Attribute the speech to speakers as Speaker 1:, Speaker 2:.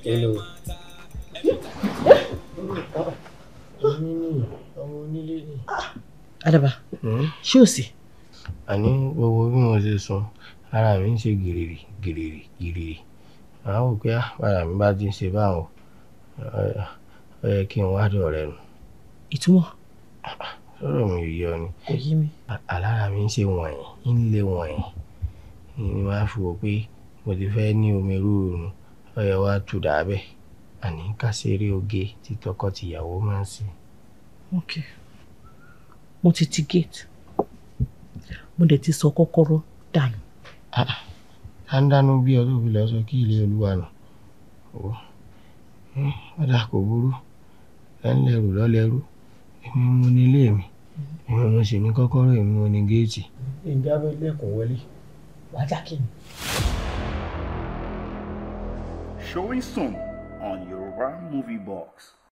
Speaker 1: Hello.
Speaker 2: ọmọ onílé ni.
Speaker 1: Adaba hmm? ṣé o sì. àní gbogbo bí mo ṣe sùn ara mi ń ṣe gìrìrì gìrìrì gìrìrì àwọn òkè ara mi bá ti ń ṣe báwọn ó yẹ kí n wádùn rẹ nù. ìtumọ̀. sọ̀rọ̀ mi ò yé ọ ni. kò yé mi. alára mi ń ṣe wọ̀nyí ń lé wọ̀nyí ni màá fi wò pé mo ti fẹ́ ní omi rúurú ó yẹ wá tù dábẹ́ àní kásẹ̀rẹ́ oge tí tọkọ-tìyàwó máa ń ṣe.
Speaker 3: ok mo ti ti gate mo dẹ̀ ti sọ kọ́kọ́rọ́ dànù. Ah,
Speaker 4: a ń dánú bí ọdún òbí lọ sọ kí ilé olúwa nù
Speaker 5: ọ̀dà kò burú lẹ́ńlẹ́rù lọ́lẹ́rù èmi mo ní ilé mi èmi mo sì ní kọ́kọ́rọ́ èmi mo ní géètì.
Speaker 6: ìjábọ̀ ilé ẹ̀kọ́ wọlé wájà kìíní. showing soon on Yoruba Movie Box.